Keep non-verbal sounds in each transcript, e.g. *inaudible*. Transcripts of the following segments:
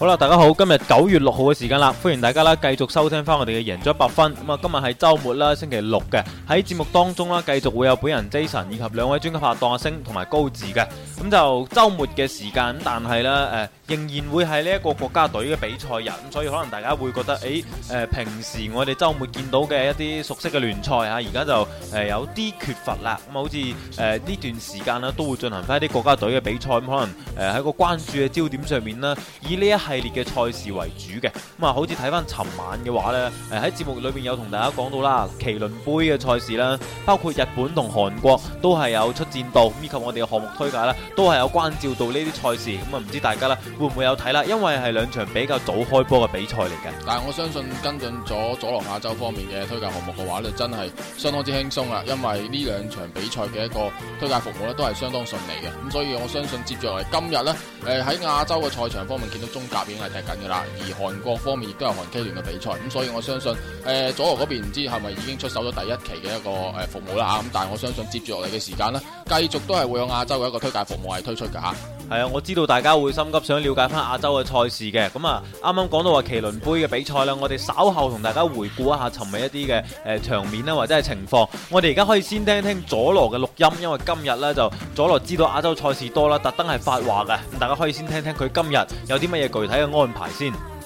好啦，大家好，今日九月六號嘅時間啦，歡迎大家啦，繼續收聽翻我哋嘅贏足 100FUN。咁啊，今日係周末啦，星期六嘅喺節目當中啦，繼續會有本人 Jason 以及兩位專家拍檔阿星同埋高智嘅。咁就周末嘅時間，但係呢，誒、呃，仍然會係呢一個國家隊嘅比賽日。咁所以可能大家會覺得，誒、欸，誒、呃，平時我哋周末見到嘅一啲熟悉嘅聯賽呀，而家就誒有啲缺乏啦。咁好似誒呢段時間呢都會進行翻一啲國家隊嘅比賽。咁可能誒喺個關注嘅焦點上面啦，以呢一系列嘅賽事為主嘅，咁啊，好似睇翻尋晚嘅話咧，誒喺節目裡邊有同大家講到啦，麒麟杯嘅賽事啦，包括日本同韓國都係有出戰到，以及我哋嘅項目推介啦，都係有關照到呢啲賽事，咁啊，唔知大家啦會唔會有睇啦？因為係兩場比較早開波嘅比賽嚟嘅。但係我相信跟進咗佐羅亞洲方面嘅推介項目嘅話咧，真係相當之輕鬆啦，因為呢兩場比賽嘅一個推介服務咧都係相當順利嘅，咁所以我相信接住嚟今日咧，誒喺亞洲嘅賽場方面見到中那邊係踢緊嘅啦，而韓國方面亦都有韓 K 聯嘅比賽，咁所以我相信，誒、呃，佐羅嗰邊唔知係咪已經出手咗第一期嘅一個誒服務啦啊，咁但係我相信接住落嚟嘅時間咧，繼續都係會有亞洲嘅一個推介服務係推出嘅吓。係啊，我知道大家會心急，想了解翻亞洲嘅賽事嘅，咁啊，啱啱講到話麒麟杯嘅比賽啦，我哋稍後同大家回顧一下，尋日一啲嘅誒場面啦，或者係情況。我哋而家可以先聽聽佐羅嘅錄音，因為今日呢，就佐羅知道亞洲賽事多啦，特登係發話嘅，大家可以先聽聽佢今日有啲乜嘢具體嘅安排先。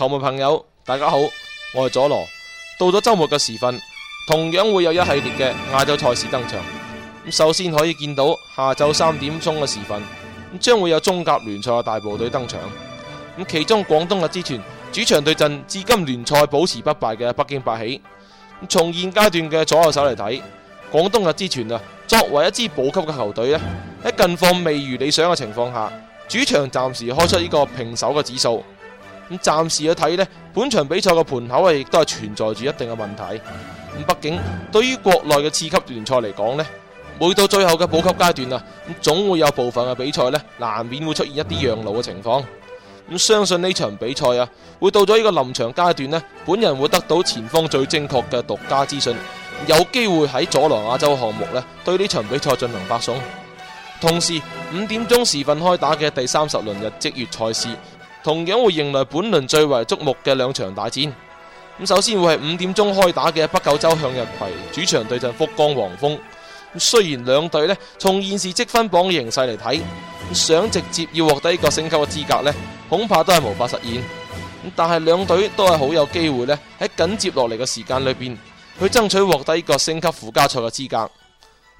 球迷朋友，大家好，我係佐羅。到咗周末嘅時分，同樣會有一系列嘅亞洲賽事登場。咁首先可以見到下晝三點鐘嘅時分，咁將會有中甲聯賽嘅大部隊登場。咁其中廣東日之泉主場對陣至今聯賽保持不敗嘅北京八喜。從現階段嘅左右手嚟睇，廣東日之泉啊，作為一支保級嘅球隊咧，喺近況未如理想嘅情況下，主場暫時開出呢個平手嘅指數。咁暫時去睇呢本場比賽嘅盤口啊，亦都係存在住一定嘅問題。咁畢竟對於國內嘅次級聯賽嚟講呢，每到最後嘅保級階段啊，咁總會有部分嘅比賽呢難免會出現一啲讓路嘅情況。咁相信呢場比賽啊，會到咗呢個臨場階段呢本人會得到前方最精確嘅獨家資訊，有機會喺佐羅亞洲項目呢對呢場比賽進行發送。同時五點鐘時分開打嘅第三十輪日職乙賽事，同樣會迎來本輪最為矚目嘅兩場大戰。咁首先會係五點鐘開打嘅北九州向日葵主場對陣福岡黃蜂。雖然兩隊咧從現時積分榜嘅形勢嚟睇，想直接要獲得呢個升級嘅資格咧，恐怕都係無法實現。但係兩隊都係好有機會咧喺緊接落嚟嘅時間裏邊去爭取獲得呢個升級附加賽嘅資格。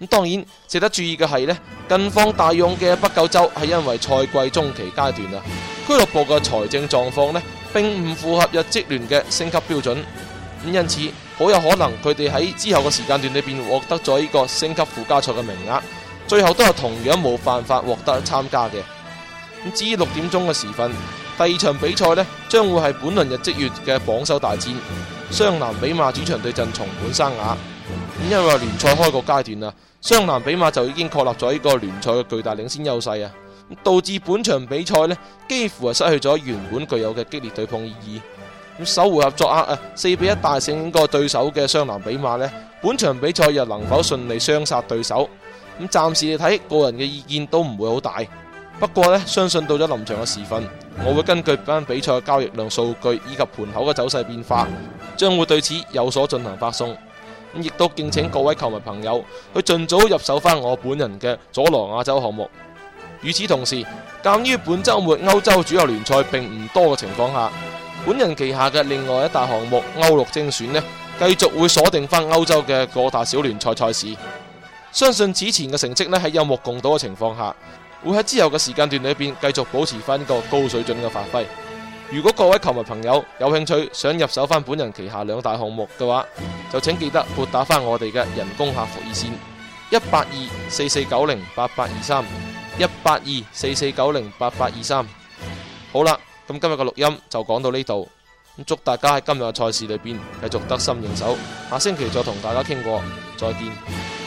咁當然值得注意嘅係咧，近況大用嘅北九州係因為賽季中期階段啦。俱樂部嘅財政狀況呢，並唔符合日職聯嘅升級標準，咁因此好有可能佢哋喺之後嘅時間段裏邊獲得咗呢個升級附加賽嘅名額，最後都係同樣冇辦法獲得參加嘅。咁至於六點鐘嘅時分，第二場比賽呢，將會係本輪日職月嘅榜首大戰，湘南比馬主場對陣松本山雅。咁因為聯賽開局階段啊，湘南比馬就已經確立咗呢個聯賽嘅巨大領先優勢啊！導致本場比賽呢，幾乎係失去咗原本具有嘅激烈對碰意義。咁首回合作壓啊，四比一大勝個對手嘅湘南比馬呢，本場比賽又能否順利雙殺對手？咁暫時嚟睇，個人嘅意見都唔會好大。不過呢，相信到咗臨場嘅時分，我會根據班比賽嘅交易量數據以及盤口嘅走勢變化，將會對此有所進行發送。咁亦都敬請各位球迷朋友去盡早入手翻我本人嘅佐羅亞洲項目。與此同時，鑒於本周末歐洲主流聯賽並唔多嘅情況下，本人旗下嘅另外一大項目歐陸精選呢，繼續會鎖定翻歐洲嘅各大小聯賽賽事。相信此前嘅成績呢喺有目共睹嘅情況下，會喺之後嘅時間段裏邊繼續保持翻個高水準嘅發揮。如果各位球迷朋友有興趣想入手翻本人旗下兩大項目嘅話，就請記得撥打翻我哋嘅人工客服熱線一八二四四九零八八二三。一八二四四九零八八二三，好啦，咁今日嘅錄音就講到呢度，咁祝大家喺今日嘅賽事裏邊繼續得心應手，下星期再同大家傾過，再見。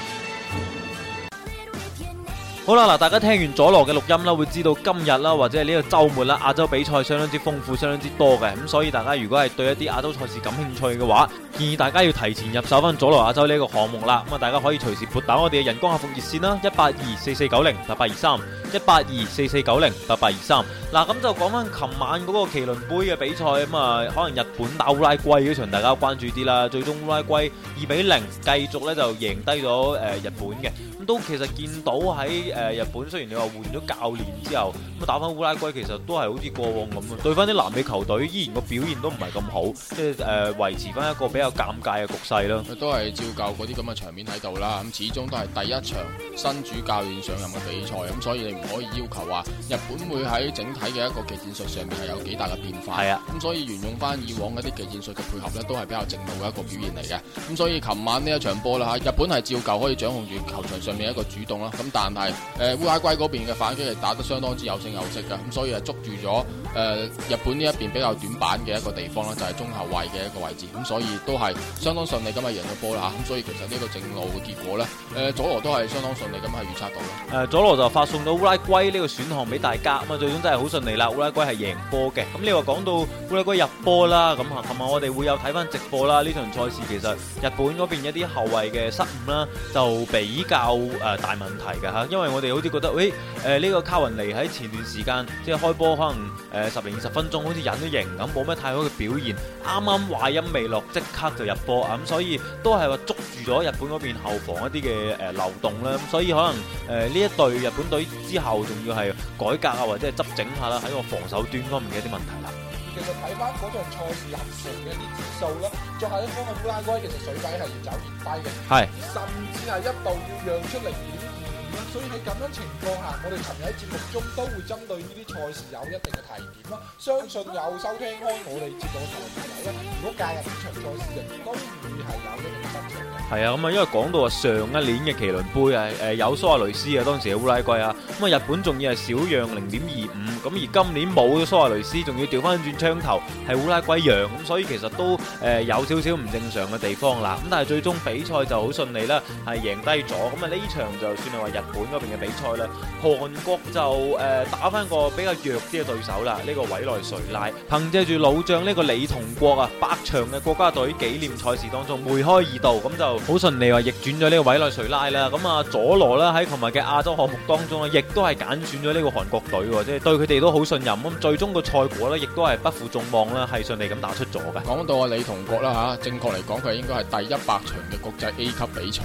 好啦，嗱，大家聽完佐羅嘅錄音啦，會知道今日啦，或者係呢個周末啦，亞洲比賽相當之豐富，相當之多嘅，咁所以大家如果係對一啲亞洲賽事感興趣嘅話，建議大家要提前入手翻佐羅亞洲呢一個項目啦。咁啊，大家可以隨時撥打我哋嘅人工客服熱線啦，一八二四四九零八八二三，一八二四四九零八八二三。嗱，咁就講翻琴晚嗰個麒麟杯嘅比賽，咁啊，可能日本打烏拉圭嗰場，大家關注啲啦，最終烏拉圭二比零繼續咧就贏低咗誒日本嘅，咁都其實見到喺。誒，日本雖然你話換咗教練之後，咁打翻烏拉圭其實都係好似過往咁啊，對翻啲南美球隊依然個表現都唔係咁好，即係誒維持翻一個比較尷尬嘅局勢咯。都係照舊嗰啲咁嘅場面喺度啦，咁始終都係第一場新主教練上任嘅比賽，咁所以你唔可以要求話日本會喺整體嘅一個技戰術上面係有幾大嘅變化。係啊，咁所以沿用翻以往嗰啲技戰術嘅配合呢，都係比較正路嘅一個表現嚟嘅。咁所以琴晚呢一場波啦吓，日本係照舊可以掌控住球場上面一個主動啦，咁但係。誒烏拉圭嗰邊嘅反擊係打得相當之有聲有色噶咁所以係捉住咗、誒日本呢一邊比較短板嘅一個地方啦，就係中後衛嘅一個位置，咁所以都係相當順利咁係贏咗波啦吓，咁所以其實呢個正路嘅結果咧，誒佐羅都係相當順利咁係預測到嘅。誒佐羅就發送咗烏拉圭呢個選項俾大家，咁啊最終真係好順利啦，烏拉圭係贏波嘅。咁你話講到烏拉圭入波啦，咁係咪我哋會有睇翻直播啦？呢場賽事其實日本嗰邊一啲後衛嘅失誤啦，就比較誒大問題嘅吓，因為。我哋好似覺得，誒、哎，呢、呃這個卡雲尼喺前段時間即係開波，可能誒十零二十分鐘，好似忍都忍咁，冇咩太好嘅表現。啱啱話音未落，即刻就入波啊！咁、嗯、所以都係話捉住咗日本嗰邊後防一啲嘅誒漏洞啦。咁、呃嗯、所以可能誒呢、呃、一隊日本隊之後仲要係改革啊，或者執整下啦，喺個防守端方面嘅一啲問題啦。其實睇翻嗰場賽事合成嘅啲指數咧，作為一方嘅烏拉圭，其實水底係越走越低嘅，甚至係一度要讓出嚟。所以喺咁樣情況下，我哋尋日喺節目中都會針對呢啲賽事有一定嘅提點咯。相信有收聽開我哋節目嘅朋友咧，如果介入呢場賽事嘅，都會係有一定嘅心得嘅。係啊，咁啊，因為講到話，上一年嘅麒麟杯啊，誒有蘇亞雷斯啊，當時係烏拉圭啊，咁啊日本仲要係小讓零點二五，咁而今年冇咗蘇亞雷斯，仲要調翻轉槍頭係烏拉圭讓，咁所以其實都誒有少少唔正常嘅地方啦。咁但係最終比賽就好順利啦，係贏低咗。咁啊呢場就算係話入。本嗰邊嘅比賽咧，韓國就誒打翻個比較弱啲嘅對手啦。呢個委內瑞拉，憑借住老將呢個李同國啊，百場嘅國家隊紀念賽事當中梅開二度，咁就好順利話逆轉咗呢個委內瑞拉啦。咁啊佐羅啦喺琴日嘅亞洲項目當中啊，亦都係揀選咗呢個韓國隊，即係對佢哋都好信任。咁最終個賽果咧，亦都係不負眾望啦，係順利咁打出咗嘅。講到阿李同國啦吓，正確嚟講佢應該係第一百場嘅國際 A 級比賽，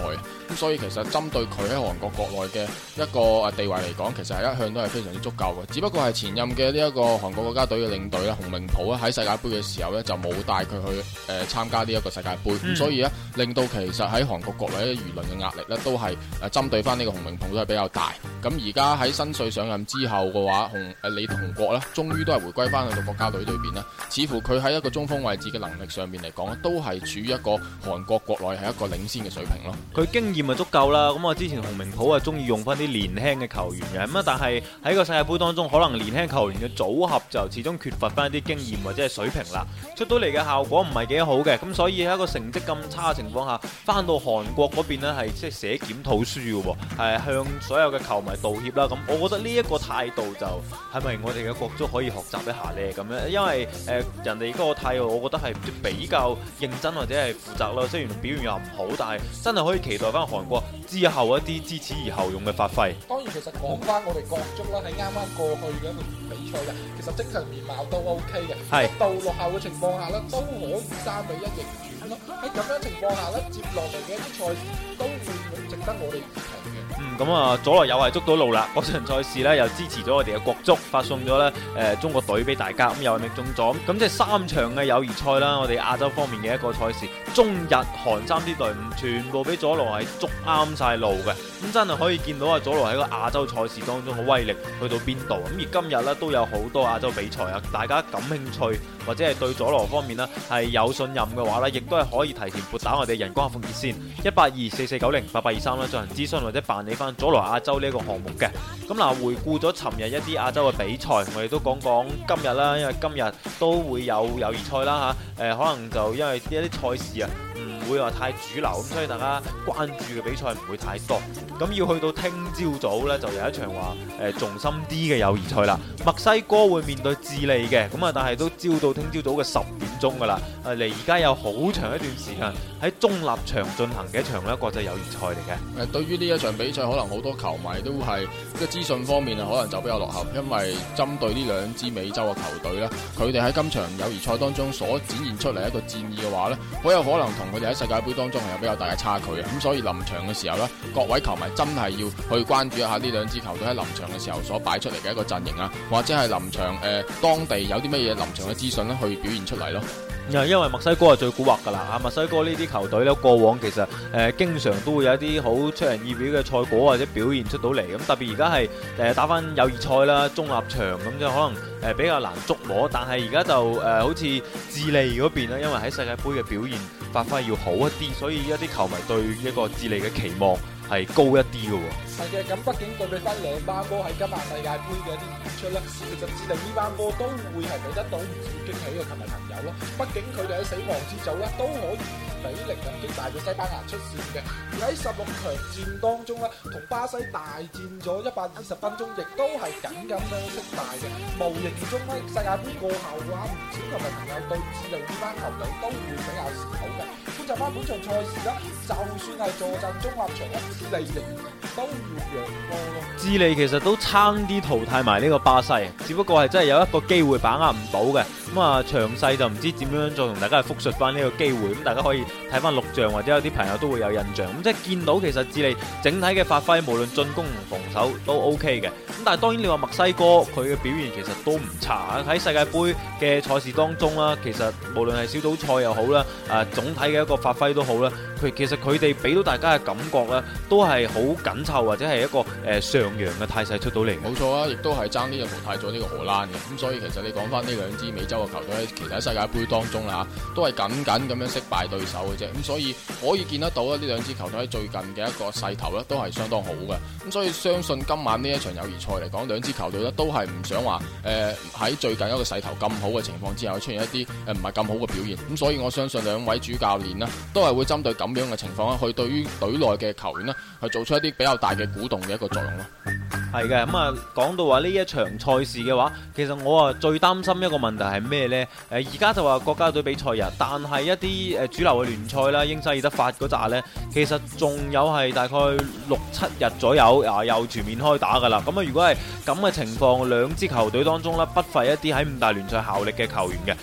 咁所以其實針對佢喺韓國國內。嘅一個地位嚟講，其實係一向都係非常之足夠嘅。只不過係前任嘅呢一個韓國國家隊嘅領隊啦，洪明甫咧，喺世界盃嘅時候咧就冇帶佢去誒參、呃、加呢一個世界盃，嗯、所以咧令到其實喺韓國國內嘅輿論嘅壓力咧都係誒針對翻呢個洪明甫都係比較大。咁而家喺新帥上任之後嘅話，洪誒李同國咧，終於都係回歸翻去到國家隊裏邊咧。似乎佢喺一個中鋒位置嘅能力上面嚟講都係處於一個韓國國內係一個領先嘅水平咯。佢經驗啊足夠啦。咁啊之前洪明甫啊中。要用翻啲年輕嘅球員嘅，咁，但係喺個世界杯當中，可能年輕球員嘅組合就始終缺乏翻一啲經驗或者係水平啦，出到嚟嘅效果唔係幾好嘅，咁所以喺個成績咁差嘅情況下，翻到韓國嗰邊呢係即係寫檢討書嘅喎，係向所有嘅球迷道歉啦。咁我覺得呢一個態度就係咪我哋嘅國足可以學習一下呢？咁樣，因為誒、呃、人哋嗰個態度，我覺得係比較認真或者係負責咯。雖然表現又唔好，但係真係可以期待翻韓國之後一啲支持。球用嘅發揮，當然其實講翻我哋國足啦，喺啱啱過去嘅一個比賽啦，其實精神面貌都 OK 嘅，喺是到落後嘅情況下咧，都可以三比一逆轉。喺咁樣的情況下呢，接落嚟嘅一啲賽事都會，唔會值得我哋期待嘅。嗯，咁、嗯、啊，佐羅又係捉到路啦，嗰場賽事呢，又支持咗我哋嘅國足，發送咗呢誒中國隊俾大家，咁又係命中咗咁，即係三場嘅友誼賽啦，我哋亞洲方面嘅一個賽事，中日韓三支隊伍全部俾佐羅係捉啱晒路嘅，咁真係可以。可以見到啊，佐羅喺個亞洲賽事當中嘅威力去到邊度？咁而今日咧都有好多亞洲比賽啊，大家感興趣或者係對佐羅方面咧係有信任嘅話咧，亦都係可以提前撥打我哋人工客服熱線一八二四四九零八八二三啦，進行諮詢或者辦理翻佐羅亞洲呢個項目嘅。咁嗱，回顧咗尋日一啲亞洲嘅比賽，我哋都講講今日啦，因為今日都會有友誼賽啦吓，誒，可能就因為一啲賽事啊。唔會話太主流，咁所以大家關注嘅比賽唔會太多。咁要去到聽朝早咧，就有一場話誒重心啲嘅友誼賽啦。墨西哥會面對智利嘅，咁啊，但係都招到聽朝早嘅十點鐘噶啦。誒，嚟而家有好長一段時間喺中立場進行嘅一場咧國際友誼賽嚟嘅。誒，對於呢一場比賽，可能好多球迷都係個資訊方面啊，可能就比較落後，因為針對呢兩支美洲嘅球隊咧，佢哋喺今場友誼賽當中所展現出嚟一個戰意嘅話咧，好有可能同。我哋喺世界杯當中係有比較大嘅差距啊，咁所以臨場嘅時候咧，各位球迷真係要去關注一下呢兩支球隊喺臨場嘅時候所擺出嚟嘅一個陣型啊，或者係臨場誒、呃、當地有啲乜嘢臨場嘅資訊咧，去表現出嚟咯。因為墨西哥係最古惑噶啦，啊，墨西哥呢啲球隊呢，過往其實誒、呃、經常都會有一啲好出人意表嘅賽果或者表現出到嚟，咁特別而家係誒打返友誼賽啦、中立場咁，即可能誒、呃、比較難捉摸，但係而家就誒、呃、好似智利嗰邊因為喺世界盃嘅表現發揮要好一啲，所以一啲球迷對一個智利嘅期望。係高一啲嘅喎，係嘅。咁畢竟對比翻兩班波喺今屆世界盃嘅啲演出咧，其實智利呢班波都會係比得到驚喜嘅，球迷朋友咯。畢竟佢哋喺死亡之組咧都可以俾力咁擊敗咗西班牙出線嘅，而喺十六強戰當中咧同巴西大戰咗一百二十分鐘，亦都係緊緊咧惜敗嘅。無形中咧，世界盃過後嘅話，唔少球迷朋友對智利呢班球隊都會比較好嘅。咁就翻本場賽事咧，就算係坐陣中立場咧。0，啊、智利其實都差啲淘汰埋呢個巴西，只不過係真係有一個機會把握唔到嘅。咁啊，詳細就唔知點樣再同大家複述翻呢個機會，咁大家可以睇翻錄像，或者有啲朋友都會有印象。咁即係見到其實智利整體嘅發揮，無論進攻同防守都 OK 嘅。咁但係當然你話墨西哥佢嘅表現其實都唔差啊！喺世界杯嘅賽事當中啦，其實無論係小組賽又好啦，啊總體嘅一個發揮都好啦。佢其實佢哋俾到大家嘅感覺啦，都係好緊湊或者係一個誒上揚嘅態勢出到嚟。冇錯啊，亦都係爭呢個淘汰咗呢個荷蘭嘅。咁所以其實你講翻呢兩支美洲。個球隊喺其實喺世界杯當中啦，都係僅僅咁樣惜敗對手嘅啫。咁所以可以見得到咧，呢兩支球隊喺最近嘅一個勢頭咧，都係相當好嘅。咁所以相信今晚呢一場友誼賽嚟講，兩支球隊呢，都係唔想話誒，喺最近一個勢頭咁好嘅情況之下出現一啲誒唔係咁好嘅表現。咁所以我相信兩位主教練呢，都係會針對咁樣嘅情況咧，去對於隊內嘅球員呢，去做出一啲比較大嘅鼓動嘅一個作用咯。係嘅，咁啊，講到話呢一場賽事嘅話，其實我啊最擔心一個問題係咩呢？誒，而家就話國家隊比賽日，但係一啲誒主流嘅聯賽啦，英西意德法嗰紮呢，其實仲有係大概六七日左右啊，又全面開打噶啦。咁啊，如果係咁嘅情況，兩支球隊當中呢，不乏一啲喺五大聯賽效力嘅球員嘅。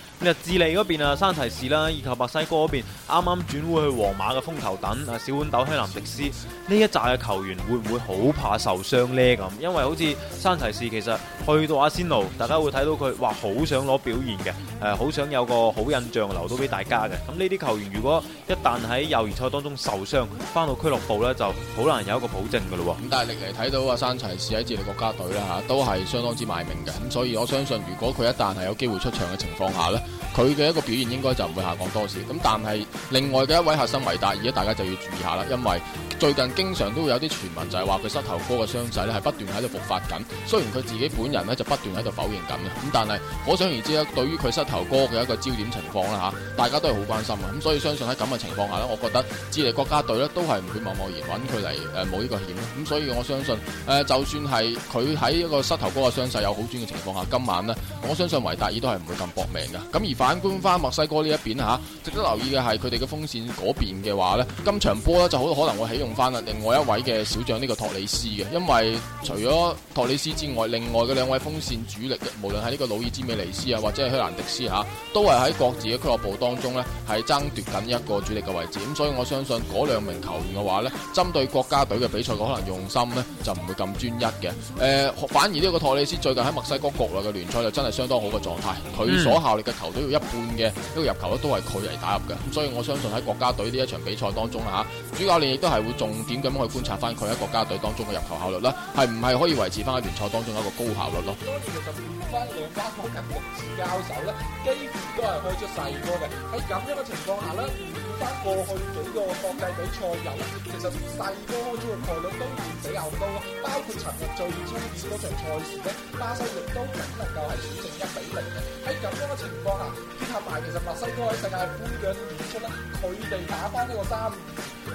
智利嗰邊啊，山齊士啦，以及墨西哥嗰邊啱啱轉會去皇馬嘅風頭等啊，小豌豆希南迪斯呢一紮嘅球員會唔會好怕受傷呢？咁，因為好似山齊士其實去到阿仙奴，大家會睇到佢哇，好想攞表現嘅，誒，好想有個好印象留到俾大家嘅。咁呢啲球員如果一旦喺友誼賽當中受傷，翻到俱樂部呢就好難有一個保證嘅咯。咁但係你嚟睇到啊，山齊士喺智利國家隊咧都係相當之賣命嘅。咁所以我相信，如果佢一旦係有機會出場嘅情況下呢。佢嘅一個表現應該就唔會下降多少咁，但係另外嘅一位核心維達，而家大家就要注意下啦，因為。最近經常都會有啲傳聞，就係話佢膝頭哥嘅傷勢咧係不斷喺度復發緊。雖然佢自己本人咧就不斷喺度否認緊啦，咁但係可想而知啦，對於佢膝頭哥嘅一個焦點情況啦嚇，大家都係好關心啊。咁所以相信喺咁嘅情況下咧，我覺得智利國家隊咧都係唔會貿貿然揾佢嚟誒冒呢個險。咁所以我相信誒，就算係佢喺一個膝頭哥嘅傷勢有好轉嘅情況下，今晚呢，我相信維達爾都係唔會咁搏命嘅。咁而反觀翻墨西哥呢一邊嚇，值得留意嘅係佢哋嘅風扇嗰邊嘅話呢，今場波呢就好可能會起用翻另外一位嘅小將呢，這個托里斯嘅。因為除咗托里斯之外，另外嘅兩位鋒線主力，無論係呢個魯爾茲美尼斯啊，或者係希蘭迪斯吓，啊，都係喺各自嘅俱樂部當中呢，係爭奪緊一個主力嘅位置。咁所以我相信嗰兩名球員嘅話呢，針對國家隊嘅比賽嘅可能用心呢，就唔會咁專一嘅。誒，呃，反而呢個托里斯最近喺墨西哥國內嘅聯賽就真係相當好嘅狀態，佢所效力嘅球隊要一半嘅一個入球都係佢嚟打入嘅。咁所以我相信喺國家隊呢一場比賽當中吓，啊，主教練亦都係會。重點咁樣去觀察翻佢喺國家隊當中嘅入球效率啦，係唔係可以維持翻喺聯賽當中一個高效率咯？多其實咁樣嘅雙方兩方嘅近六次交手咧，幾乎都係開出細波嘅，喺咁樣嘅情況下咧。翻過去幾個國際比賽有，其實細波中嘅概率都比較高咯。包括尋日最關鍵嗰場賽事咧，巴西亦都僅能夠係小勝一比零嘅。喺咁樣嘅情況下，結合埋其實墨西哥喺世界盃嘅演出咧，佢哋打翻呢個三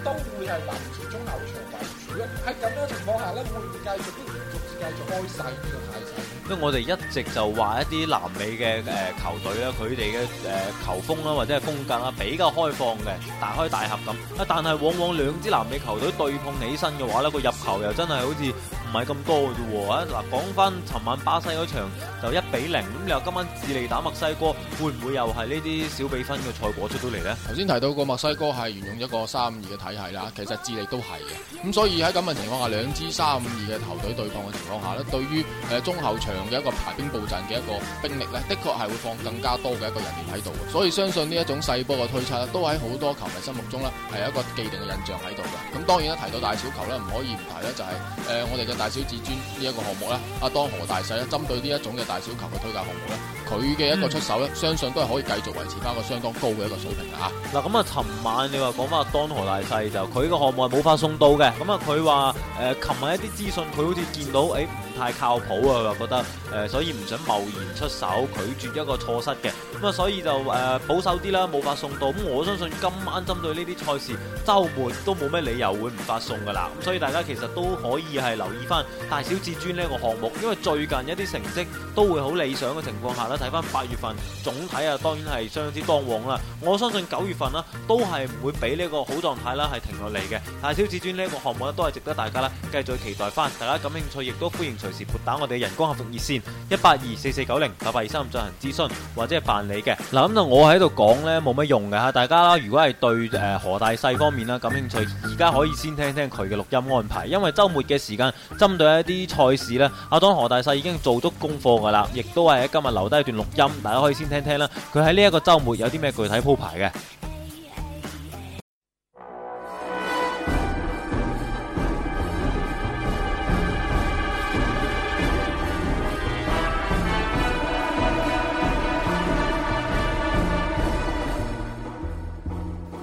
都會係完全中流場為主咯。喺咁樣嘅情況下咧，會唔會繼續都逐漸繼續開晒呢個態勢？因為我哋一直就話一啲南美嘅誒、呃、球隊咧，佢哋嘅誒球風啦或者係風格啦比較開放嘅。大開大合咁，啊！但係往往兩支南美球隊對碰起身嘅話咧，個入球又真係好似。唔係咁多嘅啫喎。嗱，講翻尋晚巴西嗰場就一比零，咁又今晚智利打墨西哥會唔會又係呢啲小比分嘅賽果出到嚟呢？頭先提到過墨西哥係沿用一個三五二嘅體系啦，其實智利都係嘅，咁所以喺咁嘅情況下，兩支三五二嘅球隊對抗嘅情況下呢，對於誒中後場嘅一個排兵布陣嘅一個兵力呢，的確係會放更加多嘅一個人員喺度，所以相信呢一種細波嘅推測都喺好多球迷心目中呢，係一個既定嘅印象喺度嘅。咁當然啦，提到大小球呢，唔可以唔提呢，就係、是、誒、呃、我哋嘅。大小至尊呢一個項目咧，阿當何大細咧，針對呢一種嘅大小球嘅推介項目咧，佢嘅一個出手咧，嗯、相信都係可以繼續維持翻一個相當高嘅一個水平嚇。嗱咁啊，琴、嗯、晚你話講翻阿當何大細就佢個項目冇法送到嘅，咁啊佢話誒，琴、呃、晚一啲資訊佢好似見到，誒、欸。太靠譜啊！又覺得誒、呃，所以唔想貿然出手，拒絕一個錯失嘅。咁啊，所以就誒保守啲啦，冇、呃、發送到。咁我相信今晚針對呢啲賽事，周末都冇咩理由會唔發送噶啦。咁所以大家其實都可以係留意翻大小至尊呢個項目，因為最近一啲成績都會好理想嘅情況下啦，睇翻八月份總體啊，當然係相當之當旺啦。我相信九月份啦，都係唔會俾呢個好狀態啦，係停落嚟嘅。大小至尊呢個項目咧，都係值得大家咧繼續期待翻。大家感興趣，亦都歡迎隨隨時撥打我哋人工客服熱線一八二四四九零八八二三進行諮詢或者係辦理嘅。嗱，咁就我喺度講呢，冇乜用嘅。吓，大家如果係對誒、何大細方面啦感興趣，而家可以先聽聽佢嘅錄音安排，因為周末嘅時間針對一啲賽事呢，阿當何大細已經做足功課噶啦亦都係今日留低一段錄音，大家可以先聽聽啦，佢喺呢一個周末有啲咩具體鋪排嘅。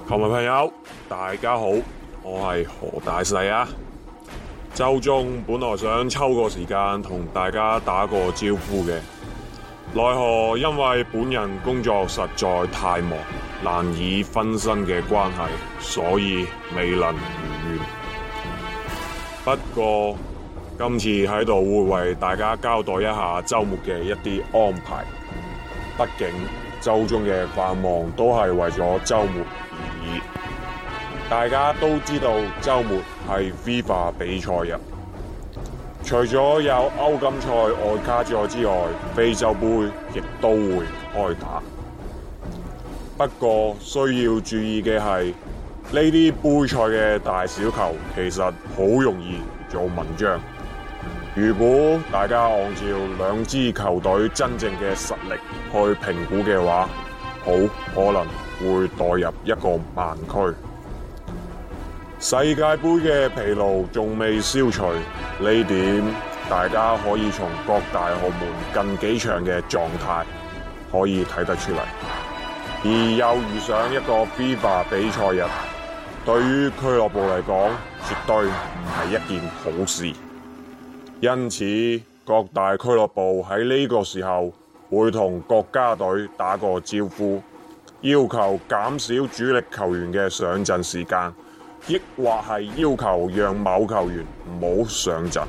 球迷朋友，大家好，我係何大細啊。周中本來想抽個時間同大家打個招呼嘅，奈何因為本人工作實在太忙，難以分身嘅關係，所以未能如願。不過今次喺度會為大家交代一下周末嘅一啲安排，畢竟周中嘅繁忙都係為咗周末。大家都知道周末係 FIFA 比賽日，除咗有歐錦賽外卡賽之外，非洲杯亦都會開打。不過需要注意嘅係，呢啲杯賽嘅大小球其實好容易做文章。如果大家按照兩支球隊真正嘅實力去評估嘅話，好可能。會代入一個盲區，世界杯嘅疲勞仲未消除，呢點大家可以從各大豪門近幾場嘅狀態可以睇得出嚟，而又遇上一個 FIFA 比賽日，對於俱樂部嚟講絕對唔係一件好事，因此各大俱樂部喺呢個時候會同國家隊打個招呼。要求減少主力球員嘅上陣時間，亦或係要求讓某球員唔好上陣，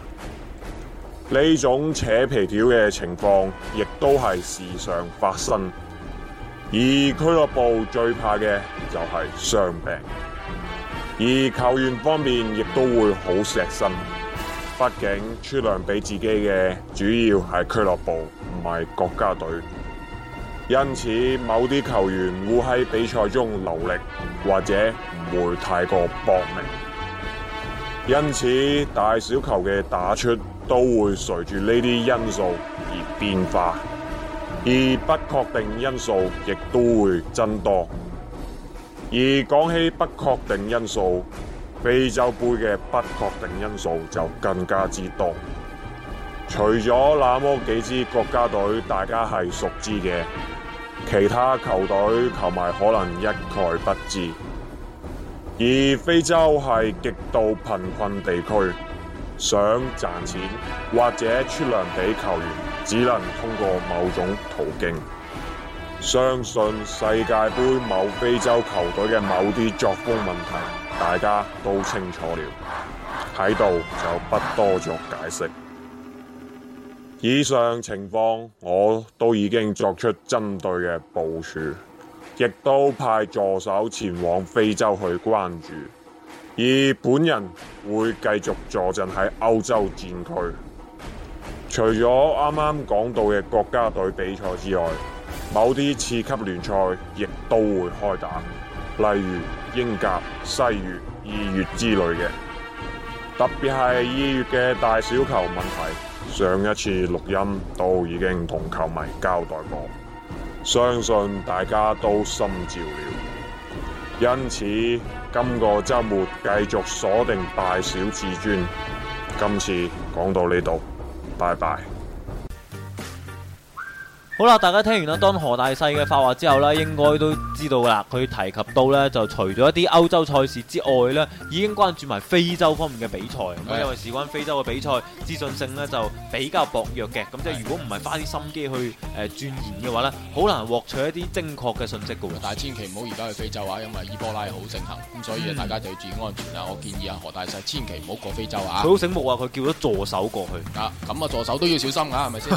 呢種扯皮條嘅情況亦都係時常發生。而俱樂部最怕嘅就係傷病，而球員方面亦都會好錫身，畢竟出糧俾自己嘅主要係俱樂部，唔係國家隊。因此，某啲球員會喺比賽中留力，或者唔會太過搏命。因此，大小球嘅打出都會隨住呢啲因素而變化，而不確定因素亦都會增多。而講起不確定因素，非洲杯嘅不確定因素就更加之多。除咗那麼幾支國家隊，大家係熟知嘅。其他球隊球迷可能一概不知，而非洲係極度貧困地區，想賺錢或者出糧俾球員，只能通過某種途徑。相信世界杯某非洲球隊嘅某啲作風問題，大家都清楚了，喺度就不多做解釋。以上情況我都已經作出針對嘅部署，亦都派助手前往非洲去關注，而本人會繼續坐鎮喺歐洲戰區。除咗啱啱講到嘅國家隊比賽之外，某啲次級聯賽亦都會開打，例如英甲、西乙、意乙之類嘅，特別係意乙嘅大小球問題。上一次錄音都已經同球迷交代過，相信大家都心照了。因此，今個周末繼續鎖定大小至尊，今次講到呢度，拜拜。好啦，大家聽完啦，當何大細嘅發話之後呢，應該都知道啦，佢提及到呢，就除咗一啲歐洲賽事之外呢，已經關注埋非洲方面嘅比賽。咁、嗯、因為事關非洲嘅比賽資訊性呢就比較薄弱嘅，咁即係如果唔係花啲心機去誒鑽研嘅話呢，好難獲取一啲精確嘅信息嘅。但係千祈唔好而家去非洲啊，因為伊波拉好盛行，咁所以大家就要注意安全啦。嗯、我建議啊，何大細千祈唔好過非洲啊。佢好醒目啊，佢叫咗助手過去咁啊，助手都要小心噶，係咪先？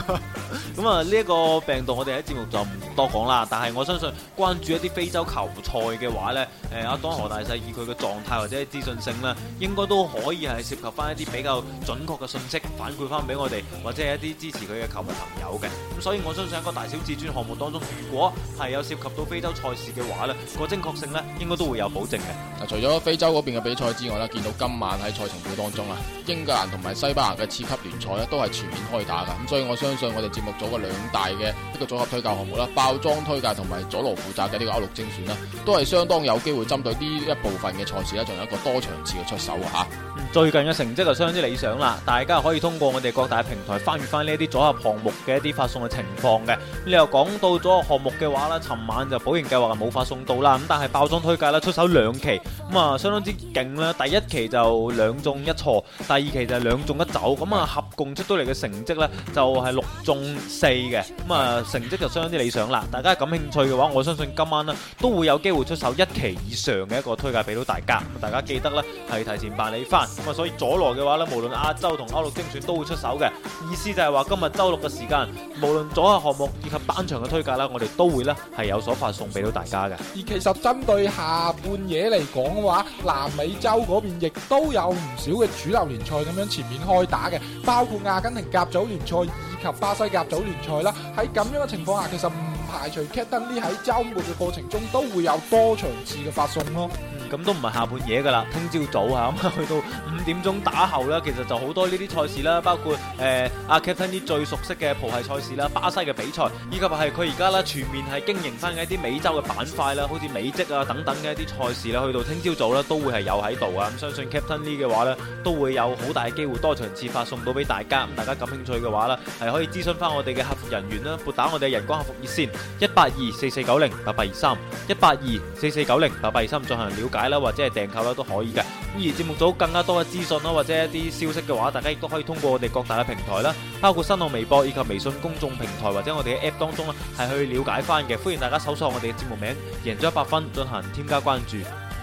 咁啊，呢一 *laughs* 吧 *laughs* 個。令到我哋喺節目就唔多講啦，但係我相信關注一啲非洲球賽嘅話咧，誒阿當何大細以佢嘅狀態或者係資訊性咧，應該都可以係涉及翻一啲比較準確嘅信息反饋翻俾我哋或者係一啲支持佢嘅球迷朋友嘅。咁所以我相信喺個大小至尊項目當中，如果係有涉及到非洲賽事嘅話咧，個精確性咧應該都會有保證嘅。嗱，除咗非洲嗰邊嘅比賽之外咧，見到今晚喺賽程表當中啊，英格蘭同埋西班牙嘅次級聯賽咧都係全面開打噶。咁所以我相信我哋節目組嘅兩大嘅。一個組合推介項目啦，包裝推介同埋佐羅負責嘅呢個歐陸精選啦，都係相當有機會針對呢一部分嘅賽事咧，進行一個多場次嘅出手嚇。最近嘅成績就相當之理想啦，大家可以通過我哋各大平台翻閲返呢一啲組合項目嘅一啲發送嘅情況嘅。你又講到組合項目嘅話咧，尋晚就保險計劃冇發送到啦，咁但係包裝推介啦出手兩期咁啊，相當之勁啦。第一期就兩中一錯，第二期就兩中一走，咁啊合共出到嚟嘅成績咧就係六中四嘅咁啊。誒成績就相當之理想啦，大家感興趣嘅話，我相信今晚呢都會有機會出手一期以上嘅一個推介俾到大家。大家記得呢係提前辦理翻。咁啊，所以佐羅嘅話呢，無論亞洲同歐陸精選都會出手嘅。意思就係話今日週六嘅時間，無論左下項目以及單場嘅推介啦，我哋都會呢係有所發送俾到大家嘅。而其實針對下半夜嚟講嘅話，南美洲嗰邊亦都有唔少嘅主流聯賽咁樣前面開打嘅，包括阿根廷甲組聯賽。及巴西甲組聯賽啦，喺咁樣嘅情況下，其實唔排除 Cateni 喺週末嘅過程中都會有多場次嘅發送咯。咁都唔係下半夜㗎啦，聽朝早嚇、啊，去到五點鐘打後啦，其實就好多呢啲賽事啦，包括誒阿 Captain Lee 最熟悉嘅葡系賽事啦、巴西嘅比賽，以及係佢而家啦全面係經營翻嘅一啲美洲嘅板塊啦，好似美職啊等等嘅一啲賽事啦，去到聽朝早咧都會係有喺度啊！咁相信 Captain Lee 嘅話呢，都會有好大嘅機會多場次發送到俾大家。咁大家感興趣嘅話呢，係可以諮詢翻我哋嘅客服人員啦，撥打我哋嘅人工客服熱線一八二四四九零八八二三一八二四四九零八八二三進行了解。啦或者係訂購啦都可以嘅，咁而節目組更加多嘅資訊啦或者一啲消息嘅話，大家亦都可以通過我哋各大嘅平台啦，包括新浪微博以及微信公眾平台或者我哋嘅 App 當中啦，係去了解翻嘅。歡迎大家搜索我哋嘅節目名，贏足 100FUN，進行添加關注。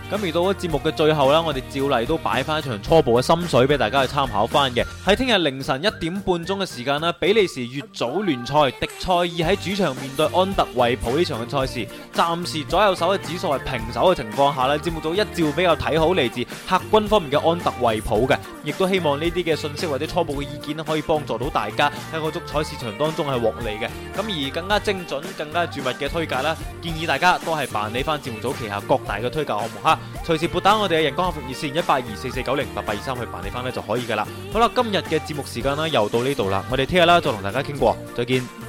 咁而到咗節目嘅最後啦，我哋照例都擺翻一場初步嘅心水俾大家去參考翻嘅。喺聽日凌晨一點半鐘嘅時間啦，比利時乙組聯賽，迪賽爾喺主場面對安特衛普呢場嘅賽事，暫時左右手嘅指數係平手嘅情況下呢，節目組一照比較睇好嚟自客軍方面嘅安特衛普嘅，亦都希望呢啲嘅信息或者初步嘅意見，可以幫助到大家喺個足彩市場當中係獲利嘅。咁而更加精準、更加絕密嘅推介啦，建議大家都係辦理翻節目組旗下各大嘅推介項目哈。隨時撥打我哋嘅人工客服熱線一八二四四九零八八二三去辦理翻呢就可以噶啦。好啦，今日嘅節目時間呢又到呢度啦，我哋聽日啦再同大家傾過，再見。